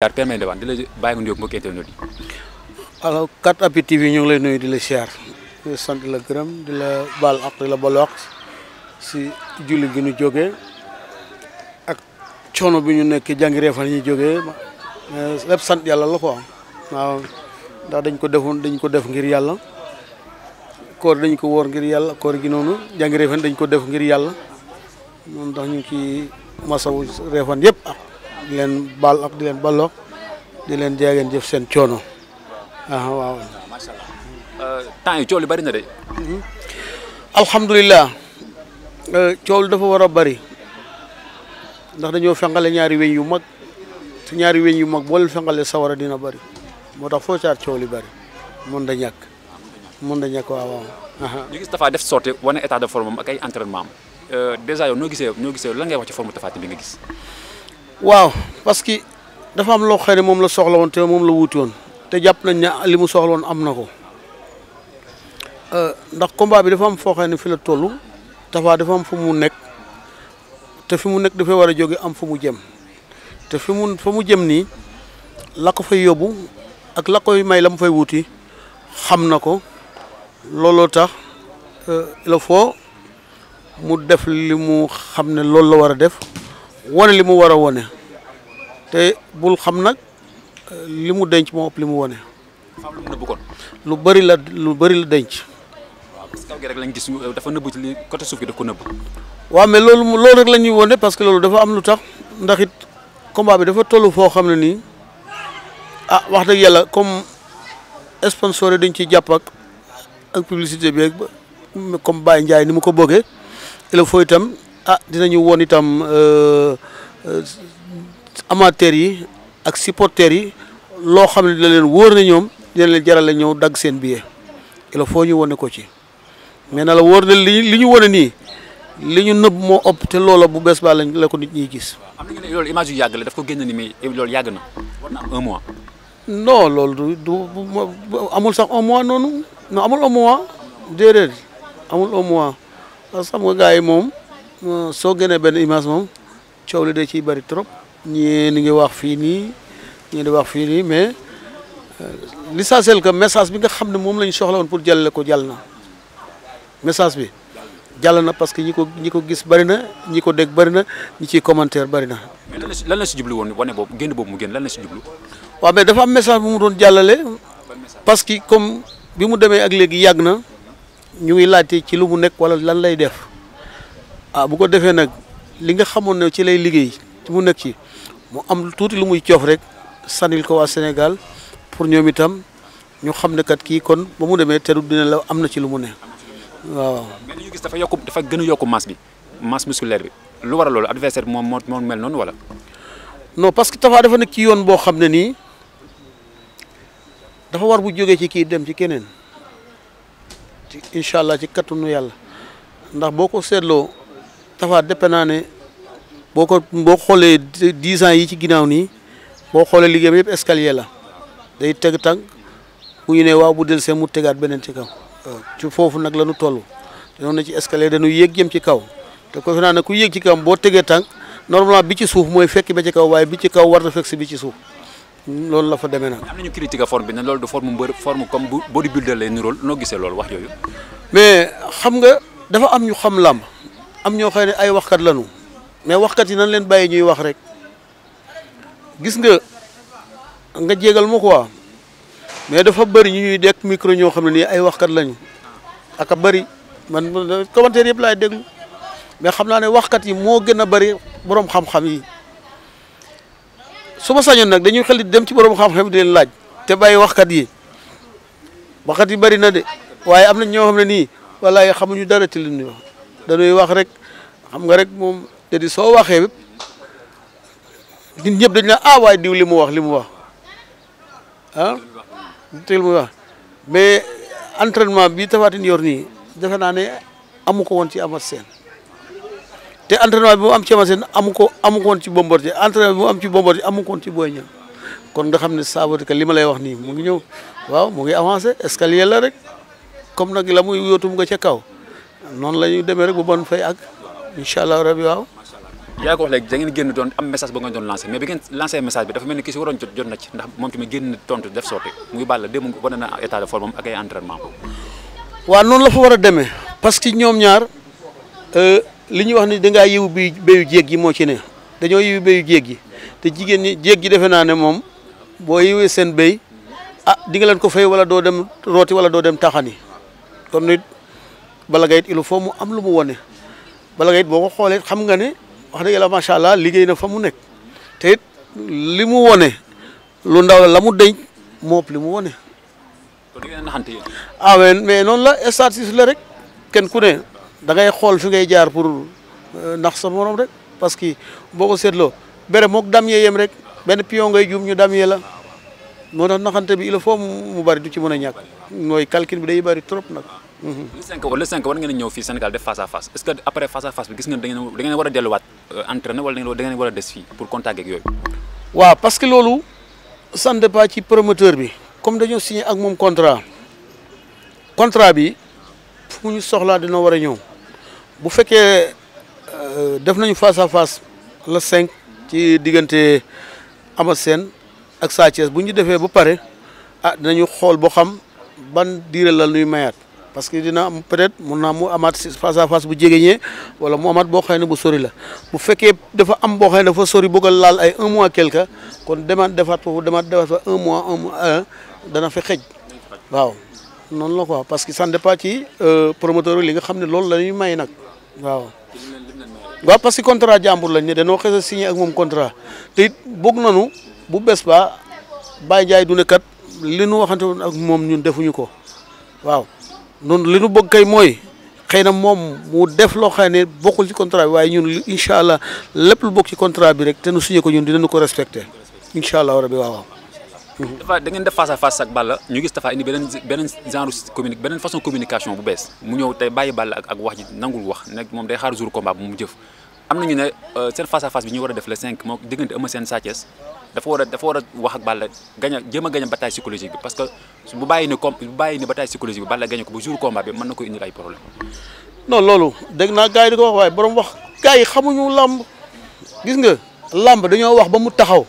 jaar permet de waan di la bàyyi nga nuyoog mbokki internet yi. alors 4 TV ñu lay nuyu di la siyaar di la sant gërëm di la baal ak di la baal wax si julli gi ñu jógee ak coono bi ñu nekk jàngi reefan yi ñu jógee lépp yàlla la ko am waaw ndax dañ ko defoon dañ ko def ngir yàlla koor dañ ko woor ngir yàlla koor gi noonu jàngi reefan dañ ko def ngir yàlla noonu tax ñu ngi ciy masawu reefan yëpp. di leen baal di leen ballo di leen jaageen jëf seen coono ah, waaw. macha allah euh, temps yi coow li bari na de. Mhm. alhamdulilah euh, coow dafa war a bari ndax dañoo fengale ñaari weñ yu mag te ñaari weñ yu mag boo leen fengale sawara dina bari moo tax foo caar coow li bari mun da ñàkk mun da ñàkk waaw waaw. ñu gis dafa def sorte wane état de forme am ak ay entraînement am euh, déjà yow noo gisee noo gisee lan ngay wax ci forme Tapha Tine bi nga gis. waaw parce que dafa am loo xëy moom la soxla woon te moom la wuti woon te jàpp nañ ne li mu soxla woon am na ko euh, ndax combat bi dafa am foo xëy ne fi la toll Tapha dafa am fu mu nekk te fi mu nekk dafay war a jóge am fu mu jem te fi mu fa mu jëm nii la ko fay ak la koy may la mu fay wuuti xam na ko looloo tax euh, il faut mu def li mu xam ne loolu la war a def wone li mu war a wone te bul xam nag eh, li mu denc moo ëpp li mu wone lu bari la lu bëri la denc. kaw gi rek lañ gis eh, dafa nëbbu ci li côté suuf gi daf ko nëbbu. waaw mais loolu loolu rek la ñuy wone parce que loolu dafa am lu tax ndaxit comme combat bi dafa tollu foo xam ne nii ah wax dëgg yàlla comme sponsor yi dañ ciy jàpp ak ak publicité bi rek comme Baye Ndiaye ni mu ko bëggee il faut itam. a ah, dina dinañu woon itam euh, euh, amateurs yi ak supporters yi loo xam ne dina leen wóor ne ñoom dina leen jarale ñëw dagg seen billet il faut ñu wane ko ci mais na la wóor ne li li ñu wone nii li ñu nëb moo ëpp te loola bu bees baa lañ la ko nit ñuy gis. am nañu loolu image yu yàgg la daf ko génn loolu yàgg na mois. non loolu amul sax un mois noonu non amul un mois déedéet amul un mois parce que yi moom. soo génnee benn image moom coow li da ciy bari trop ñii ni ngi wax fii nii ñii di wax fii nii mais euh, l'essentiel que message bi nga xam ne moom la ñu soxla woon pour jàllale ko jàll na message bi jàll na parce que ñi ko ñi ko gis bari na ñi ko dégg bari na ñi ciy commentaire bari na. mais lan si lan la si jublu woon wane boobu génn boobu mu génn lan na si jublu. waaw mais dafa am message bu mu doon jàllale parce que comme bi mu demee ak léegi yàgg na ñu ngi laajte ci lu mu nekk wala lan lay def. ah bu ko defee nag li nga xamoon ne ci lay liggéey mu nekk ci mu am tuuti lu muy coof rek sanil ko waa Sénégal pour ñoom itam ñu xam ne kat kii kon ba mu demee teru dina la am na ci lu mu ne waaw. mais ñu gis dafa yokk dafa gën a yokk masse bi masse musculaire bi lu war loolu adversaire moom moo moo mel noonu wala. non parce que Tapha dafa nekk ci yoon boo xam ne nii dafa war bu jóge ci kii dem ci keneen ci incha allah ci kattanu yàlla ndax boo ko seetloo. Tapha defe naa ne boo ko boo xoolee dix ans yi ci ginnaaw nii boo xoolee liggéeyam yëpp escalier la day teg tànk bu ñu ne waaw bu del see mu tegaat beneen ci kaw ci foofu nag la nu toll dañoo ne ci escalier dañu yéeg jëm ci kaw te ko naa ne ku yéeg ci kaw boo tegee tànk normalement bi ci suuf mooy fekk ba ci kaw waaye bi ci kaw war na fekk si bi ci suuf loolu la fa demee nag. am nañu critique forme bi ne loolu du forme mbër forme comme bu bodybuilder lay nirool noo gisee loolu wax yooyu. mais xam nga dafa am ñu xam làmb. am ñoo xam ne ay waxkat lañu mais waxkat yi nan leen bay ñuy wax rek gis nga nga jégal ma wa mais dafa bari ñu ñuy dekk micro ñoo xam ne nii ay waxkat lañu ak a bëri man commentaire yëpp laay déglu mais xam naa ne waxkat yi moo gën a bari borom xam-xam yi su ma sañoon nag dañuy xel di dem ci borom xam-xam yi laaj te bàyyi waxkat yi waxkat yi bari na de waaye am na ñoo xam ne nii walaay xamuñu dara ci li dañuy wax rek xam nga rek moom te di soo waxee bépp nit ñëpp dañ la ah waay diw li mu wax li mu wax ah te wax mais entraînement bi Tapha Tine yor nii defe naa ne amu ko woon ci Eumeu Sène te entraînement bi mu am ci Eumeu Sène amu ko amu ko woon ci Bombardier entraînement bi am ci Bombardier amu ko woon ci Boy Niang kon nga xam ne ça veut dire li ma lay wax nii mu ngi ñëw waaw mu ngi avancé escalier la rek comme nag la muy yóotum nga ca kaw noonu la ñuy demee rek bu bon fay ak incha allah rabi waaw. yaa ko wax léegi da génn doon am message ba ngeen doon lancé mais bi ngeen lancé message bi dafa mel ni ki si waroon jot na ci ndax moom tamit génn tontu def na état a demee parce que ñoom ñaar euh, li ñuy wax ni dangaa yiw bi béyu jéeg yi moo ci ne dañoo yiw béyu jéeg yi te jigéen ñi jéeg yi defe naa ne moom boo yiwee seen béy ah di leen ko fay wala doo dem rooti wala doo dem taxani kon nit Balla Gaye it il faut mu am lu mu wone Balla Gaye it boo ko xoolee xam nga ne wax dëgg yàlla macha allah liggéey na fa mu nekk te it li mu wone lu ndaw la la mu denc moom li mu wone. kon ngeen naxante yéen. ah mais mais noonu la statistique la rek kenn ku ne da ngay xool fi ngay jaar pour euh, ndax sa morom rek parce que boo ko seetloo bere mook dam yee yem rek benn pion ngay juum ñu dam yee la moo tax naxante bi il faut mu bari du ci mën a ñàkk mooy calcul bi day bari trop nag. le 5 le 5 war ngeen ñëw fii Sénégal def face à face est-ce que après face à face a delluwaat euh, entraîner a des fii pour contact ak yooyu. waaw parce que loolu ça ci promoteur bi comme dañoo signé ak moom contrat contrat bi fu ñu soxlaa dina war a ñëw bu fekkee euh, def nañu face à face ci diggante Ama Sène ak Sa Thiès bu ñu defee ba pare ah dinañu xool boo xam ban diire la ñuy mayaat. parce que dina am peut-être mun naa mu amaat face à face bu jegeñee wala mu amaat boo xëy ne bu sori la bu fekkee dafa am boo xëy ne dafa sori bëgg a laal ay un mois quelque kon demaat defaat foofu demaat defaat fa un mois un mois dana fa xeej waaw noonu la ko parce que ça dépend ci euh, promoteur li nga xam ne la ñuy may nag waaw. waaw parce que contrat jàmbur lañ ne dañoo xes a signé ak moom contrat te it bëgg bu bees ba Baye Ndiaye du kat li nu waxante woon ak moom ñun defuñu ko nun li nu bëgg kay mooy xëy na moom mu def loo xam ne bokkul ci contrat bi waaye ñun incha allah lépp lu bokk ci contrat bi rek te nu signé ko ñun dinañu ko respecté incha allah rabi waaw waaw. Mhm. dafa da ngeen def face à face ñu gis dafa indi beneen beneen genre communi beneen façon communication bu bees mu ñëw tey bàyyi Balla ak ak wax ji nangul wax nekk moom day xaar jour combat bu mu jëf. am nañu ne euh, seen face à face bi ñu war a def le 5 moo diggante Eumeu Sène Sa Thiès dafa war a dafa war a wax ak Balla gañ a jéem a gañ bi parce que bu bàyyi ni com bu bàyyi ni bataille psychologique bi Balla gañ ko ba jour combat bi mën na ko indil ay problème non loolu dégg naa gars yi wax waaye borom wax gars xamuñu làmb gis nga làmb dañoo wax ba mu taxaw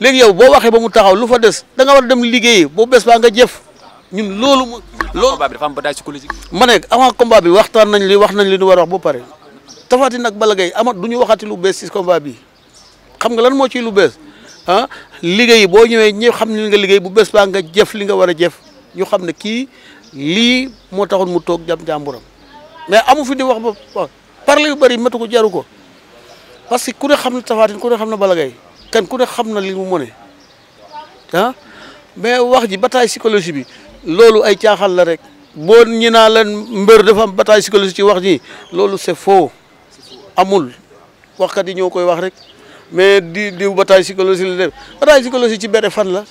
léegi yow boo waxee ba mu taxaw lu fa des da nga war dem liggéeyi boo bees baa nga jëf ñun loolu. loolu combat bi ma ne avant combat nañ li wax nañ li war a wax ba Tapha Tine ak Balla Gaye amat du ñu waxati lu bees ci combat bi xam nga lan moo ciy lu bees ah liggéey boo ñëwee ñi xam ne nga liggéey bu bees baa nga jëf li nga war a jëf ñu xam ne kii lii moo taxoon mu toog jam jàmburam mais amu fi di wax ba parle yu bari métu ko jaru ko parce que ku ne xam na Tapha Tine ku ne xam na Balla Gaye kan ku ne xam na li mu mëne ah mais wax ji bataille psychologie bi loolu ay caaxal la rek boo ñi naa lan mbër dafa am bataille psychologie ci wax ji loolu c'est faux amul waxkat yi ñoo koy wax rek mais di di bataille psychologie la def bataille psychologie ci benn fan la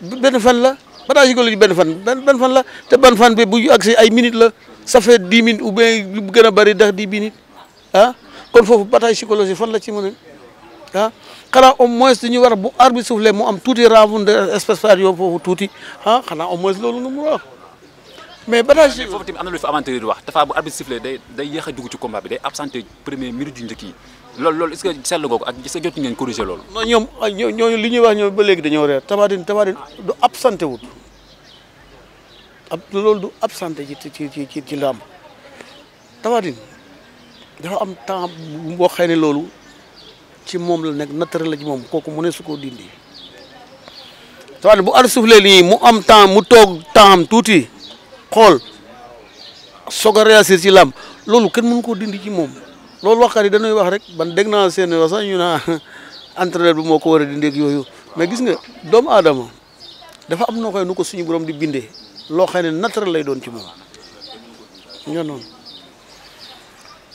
benn fan la bataille psychologie benn fan benn fan la te benn fan bi bu accès ay minutes la ça fait dix minutes ou bien lu gën a bëri ndax di minutes ah kon foofu bataille psychologie fan la ci mën a ah xanaa au moins ñu war bu arbitre soufflé mu am tuuti renvoi de espace yo foofu tuuti ah xanaa au moins loolu nga mu wax mais Badaji mais foofu tamit wax dafa bu arbitre sifflé day a dugg ci combat bi day absenté premier minute yu njëkk yi loolu loolu est ce que seetlu googu ak est-ce que jot ngeen corriger loolu. non ñoom ñooñu li ñuy wax ñoom ba léegi dañoo reer Tafatine Tafatine du absenté wut ab loolu du absenté ci ci ci ci ci am temps boo xëy ne loolu ci moom la nekk naturel la ci moom kooku mu ne su ko dindi. Tafatine bu arbitre sifflé nii mu am temps mu toog temps tuuti. xool soog a réagir ci loolu kenn mënu ko dindi ci moom loolu waxkat yi dañuy wax rek ban dégg naa seen wax sax ñu naa entraîneur bi moo ko war a dindi yooyu mais gis nga doomu aadama dafa am noo koy nu ko suñu borom di bindee loo xam ne lay doon ci moom nga noonu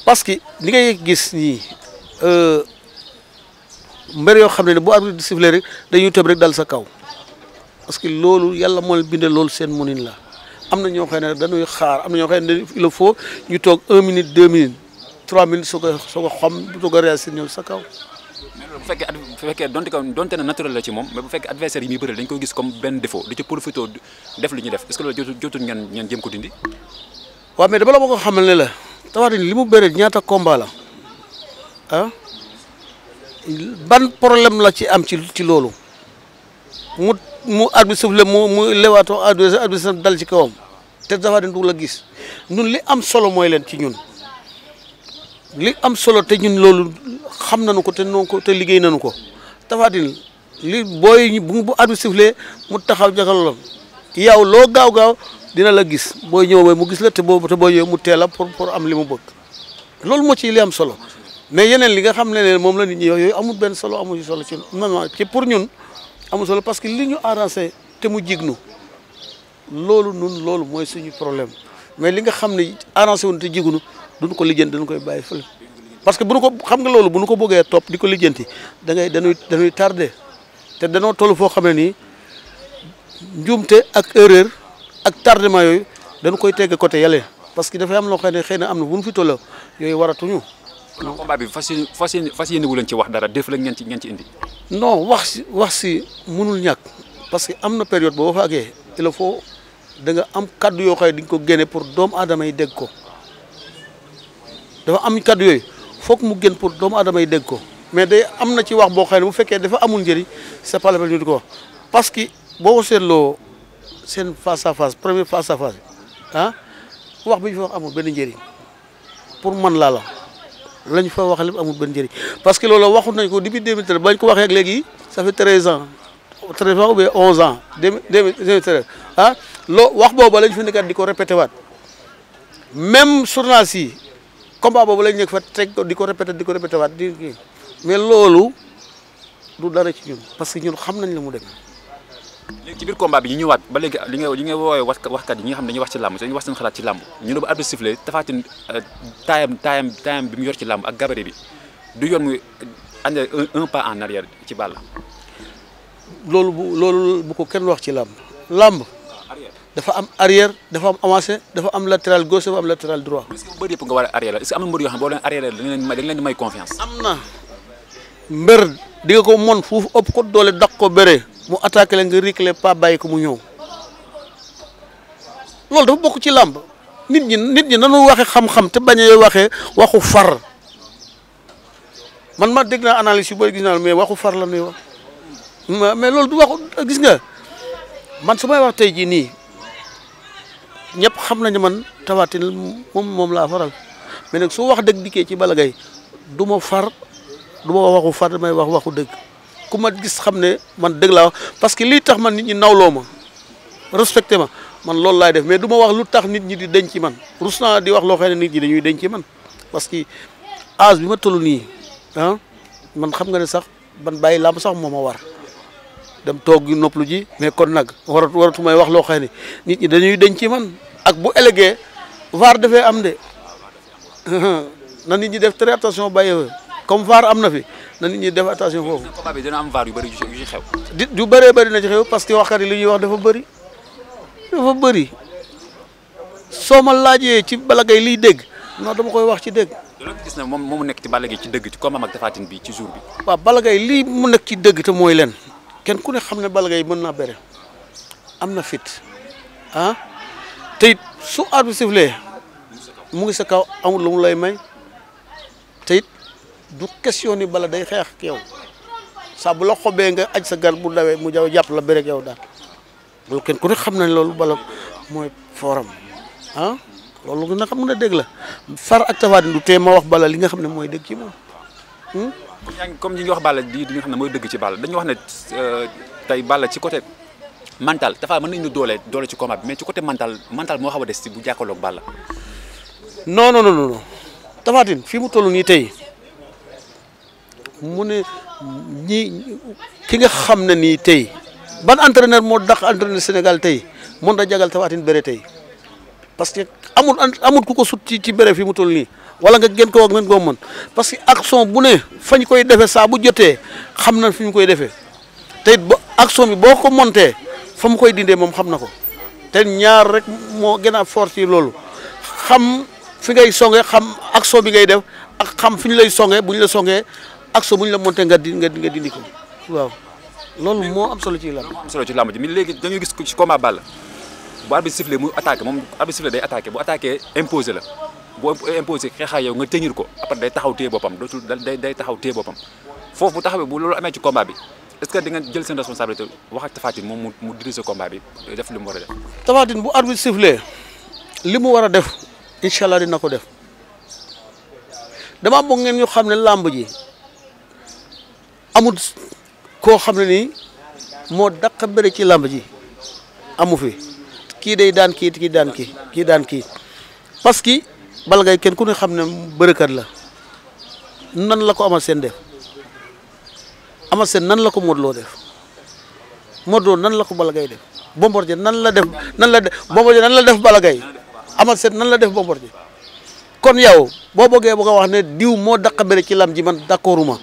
parce que li ngay gis nii euh, mbir yoo xam ne ne bu arbitre di siffler rek dañuy tëb rek dal sa kaw parce que loolu yàlla moo leen bindee loolu seen munin la am na ñoo xam ne dañuy xaar am na ñoo xam ne il faut ñu toog un minute deux minutes trois minutes soo ko soo ko xam soo ko réagir ñëw sa kaw. bu fekkee ad fekkee donte ko na naturel la ci moom mais bu fekkee adversaire yi muy bëri dañ koy gis comme benn défaut di ci profité lu ñuy def est ce que loolu jëm ko dindi. waaw mais dama la ko xamal ne la Tapha Tine li mu bëri ñaata combat la ah ban problème la ci am ci ci loolu mu mu arbitre suuf la mu mu lewaatoo arbitre dal ci kawam te dafa den la gis ñun li am solo mooy leen ci ñun li am solo te ñun loolu xam nañu ko te noonu ko te liggéey nañu ko Tapha Tine li booy bu bu arbitre sifflee mu taxaw jaxaloon yow loo gaaw gaaw dina la gis booy ñëw booy mu gis la te boo te booy ñëw mu teel pour pour am li mu bëgg loolu moo ci li am solo mais yeneen li nga xam ne moom la nit ñi yooyu amul benn solo amul solo ci non non ci pour ñun. amul solo parce que li ñu arrangé te mu jig nu loolu nun loolu mooy suñu problème mais li nga xam ne arrangé wuñ te jigunu duñ ko lijjanti dañ koy bàyyi fële parce que bu nu ko xam loolu bu nu ko bëggee topp di ko lijjanti da dañuy dañuy tardé te danoo toll foo xam ne ni njuumte ak erreur ak tardement yooyu dañ koy tege côté yàlla parce que dafay am loo xam ne xëy na am na bu ñu fi tolloo yooyu waratuñu non combat bi fas yéene fas yéene fas yéene wu leen ci wax dara def la ngeen ci indi. non wax si wax si mënul ñàkk parce que am na période boo fa àggee il faut da nga am kaddu yoo xam ne di ko génne pour doomu aadama yi dégg ko dafa am kaddu yooyu fook mu gën pour doomu adama yi dégg ko mais day am na ci wax boo xam ne bu fekkee dafa amul njëri c'est pas ñu di ko wax parce que boo seetloo seen fas à face premier face à face ah wax bi ñu fa wax amul benn njëri pour man laa la. lañ fa wax lépp amul benn njëriñ parce que loolu waxu nañ ko depuis 2013 bañ ko waxee ak léegi ça fait 13 ans 13 ans ou bien 11 ans 2013 ah loo wax boobu lañ fi nekkat di ko répété waat même journaliste yi combat boobu lañ nekk fa teg di ko répété di ko répété waat di mais loolu du dara ci ñun parce que ñun xam nañ la mu demee. léegi ci biir combat bi ñu ñëwaat ba léegi li nga li nga woowee wax waxkat yi ñi nga xam ne wax ci làmb dañuy wax ci làmb euh, bi mu yor ci làmb ak gabarit bi du yoon muy ànd un pas en arrière ci Balla loolu bu loolu bu ko kenn wax ci làmb làmb ah, dafa am arrière dafa am avancé dafa am latéral gauche dafa am latéral droit. est-ce que yëpp nga war a arrière la est-ce que am na mbër yoo xam ne boo leen arrière la dañ leen may dañ leen di may confiance. am na mber di ko mën fuuf ëpp ko doole daq ko bëree mu attaqué la nga réclé pas bàyyi ko mu ñëw loolu dafa bokk ci làmb nit ñi nit ñi nanu waxee xam-xam te bañ a waxee waxu far man ma degg naa analyse yu gis naa mais waxu far la nuy wax mais loolu du waxu gis nga man su may wax tey jii nii ñëpp xam nañu man tawaatin moom moom laa faral mais nag soo wax dëgg dikkee ci balagay Gaye du ma far du ma waxu far damay wax waxu dëgg ku ma gis xam ne man dëgg laa wax parce que lii tax man nit ñi nawloo ma respecté ma man loolu laay def mais du ma wax lu tax nit ñi di denc man rus naa di wax loo xam ne nit ñi dañuy denc man parce que âge bi ma nii ah, man xam nga ne sax man bàyyi làmb sax moo ma war dem toog nopplu ji mais kon nag waratu waratu may wax loo xam nit ñi dañuy denc man ak bu ëllëgee vaar dafee am de na nit ñi def très attention bàyyi comme vaar am na fi na nit ñi def attention foofu. combat bi dina am vaar yu bëri yu ci yu bëree bëri na ci xew parce que waxkat yi li ñuy wax dafa bëri dafa bari soo ma laajee ci balagay Gaye liy dégg non dama koy wax ci dégg. loolu gis na moom mu nekk ci Balla Gaye ci dëgg ci combat ak Tapha Tine bi ci jour bi. waaw Balla lii mu nekk ci dëgg te mooy leen kenn ku ne xam ne Balla Gaye mën naa bëre am na fit ah su arbitre bi sifflee mu ngi sa kaw amul lu mu lay may te du question ni bala day xeex ak yow saa bu la xobee nga aj sa gar bu dawee mu jaw jàpp la bëreeg yaw daal loolu kenn ku ne xam nañ loolu bala mooy forum ah loolu nga xam ne dégg la far ak Tapha Tine du tee wax bala li nga xam ne mooy dëgg ci moom. Hmm? comme ñi ngi wax Balla di li nga xam ne mooy dëgg ci bala dañu wax ne euh, tey Balla ci côté mental dafa mën nañu doole doole ci combat bi mais ci côté mental mental moo xaw a des ci bu jàkkaarloog Balla. non non non non fi mu toll nii tey. mu ne ñi ki nga xam ne ni tey ban entraîneur moo dàq entraîneur Sénégal tey mën na jagal Tapha Tine tey parce que amul amul ku ko sut ti ci bëre fi mu toll nii wala nga gën koo gën koo mën parce que action bu ne fañ koy defee saa bu jotee xam na fi ñu koy defee te it ba action bi boo ko montee fa mu koy dindee moom xam na ko te ñaar rek moo gën a fort ci loolu xam fi ngay songe xam action bi ngay def ak xam fi ñu lay songe bu ñu la songee action bu ñu la monté nga di nga dindi ko waaw loolu moo am solo ci làmb. solo ci làmb ji mais léegi dañuy gis ci combat Balla bu arbitre sifflé muy attaqué moom arbitre sifflé day attaqué bu attaqué imposé la bu ko après taxaw téye boppam dootul day day taxaw téye boppam foofu bu taxawee bu loolu amee ci combat bi est-ce que di nga jël seen responsabilité wax ak Tapha Tine moom mu mu diriger combat bi def li mu war a def. Tapha li mu war a def incha allah dina ko def dama bëgg ngeen yoo xam ne làmb ji. amul koo xam ne ni moo daq bëri ci làmb ji amu fi kii dey daan kii kii daan kii kii daan kii parce que Balla kenn ku ne xam ne bërëkat la nan la ko amal seen def amal seen nan la ko Modou loo def Modou Lo nan la ko Balla Gaye def Bombardier nan la def nan la def Bombardier nan la def Balla Gaye seen nan la def Bombardier kon yow boo bëggee bëgg wax ne diw moo daq bëri ci làmb ji man d'accorduma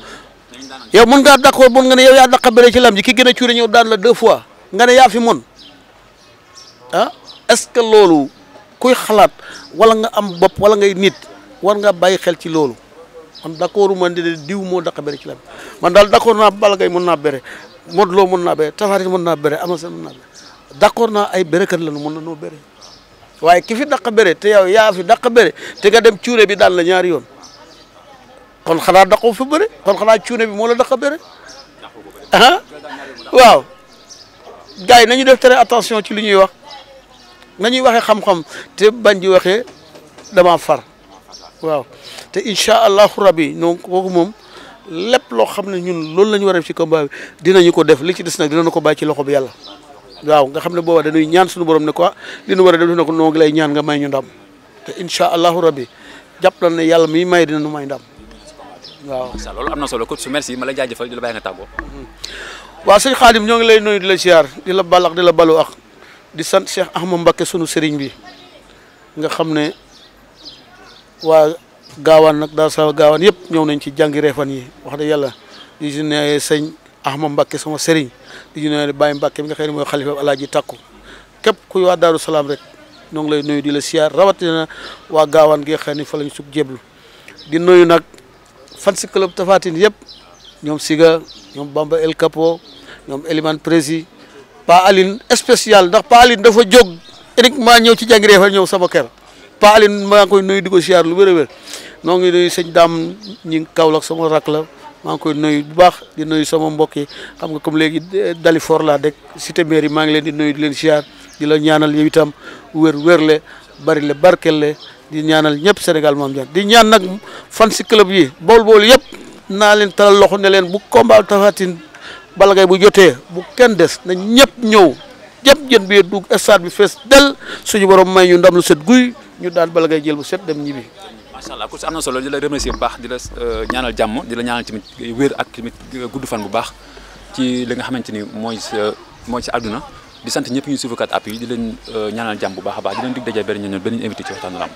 yow mun ngaa d'accord mun nga ne yow yaa dàqa bëre ci lam ji ki gën a cuure daan la deux fois nga ne yaafi fi mun ah est-ce que loolu kuy xalaat wala nga am bopp wala ngay nit war nga bàyyi xel ci loolu man d'accord man de diw moo dàqa bëre ci lam man daal d'accord naa Balla Gaye mun naa bere Modou Lo mun naa bëre Tapha Tine mun naa bëre Ama Sène mun naa bëre d'accord naa ay la lañu mun na noo bëre waaye ki fi dàqa bëre te yow yaa fi dàqa te nga dem cuure bi daan la ñaari yoon kon xanaa daqoo fa bëre kon xanaa cuune bi moo la daqa bëre ah waaw gars nañu def très attention ci lu ñuy wax nañuy waxee xam-xam te bañ di waxee dama far waaw te incha allahu rabi donc kooku moom lépp loo xam ne ñun loolu la ñu war a def ci combat bi dinañu ko def li ci des nag dinañu ko baay ci loxo bi yàlla waaw nga xam ne booba de dañuy ñaan suñu borom ne quoi li ñu war a def dina ko noo ngi lay ñaan nga may ñu ndam te incha allahu rabi jàpp na ne yàlla mi may dinañu may ndam waaw incha loolu am na solo coach merci ma la jaajëfal di la bàyyi nga tàggoo. Mm-hmm. waaw sëñ Xaadim ñoo ngi lay nuyu di la ziar di la balax di la balu ak di sant Cheikh Ahmad Mbacké sunu sëriñ bi nga xam ne waa gaawaan nag daal sa gaawaan yëpp ñëw nañ ci jàngi reefan yi wax dëgg yàlla di si ne sëñ Ahmad Mbacké sama sëriñ di si ne Baye Mbacké mi nga xam ne mooy xalifa alaaji takku képp kuy waa Daaru Salaam rek. ñoo ngi lay nuyu di la siyaar rawatina waa gaawaan gi xam ne fa lañ sub jéblu di nuyu nag fan si club Tapha Tine yëpp ñoom Siga ñoom Bamba El Capo ñoom Elimane Prési Pa alin spécial ndax Pa Aline dafa jóg uniquement ñëw ci jàngi reefal ñëw sama kër Pa Aline maa ngi koy nuyu di ko siyaar lu wér wér noo ngi nuyu sëñ daam ñi ngi Kaolack sama rak la maa ngi koy nuyu bu baax di nuyu sama mbokk yi xam nga comme léegi eh, dali for laa dëkk cité mairie maa ngi leen di nuyu di leen siyaar di la ñaanal yow itam wér wér le bari le barkel le di ñaanal ñëpp Sénégal moom jàmm di ñaan nag fan si club yi bool bool yëpp naa leen talal loxo ne leen bu combat Tapha Tine bu jotee bu kenn des na ñëpp ñëw ñëpp jën bi dugg stade bi fees del suñu borom may ñu ndam lu set guy ñu daan Balla Gaye jël bu set dem ñibbi. macha allah ku si am na solo di la remercier bu baax di la euh, ñaanal jàmm di la ñaanal tamit wér ak tamit gudd fan bu baax ci li nga xamante ni mooy sa mooy sa àdduna. di sant ñëpp ñu suivre 4appuis di leen euh, ñaanal jàmm bu baax a baax di leen dig daje benn ñoom benn invité ci waxtaanu lamb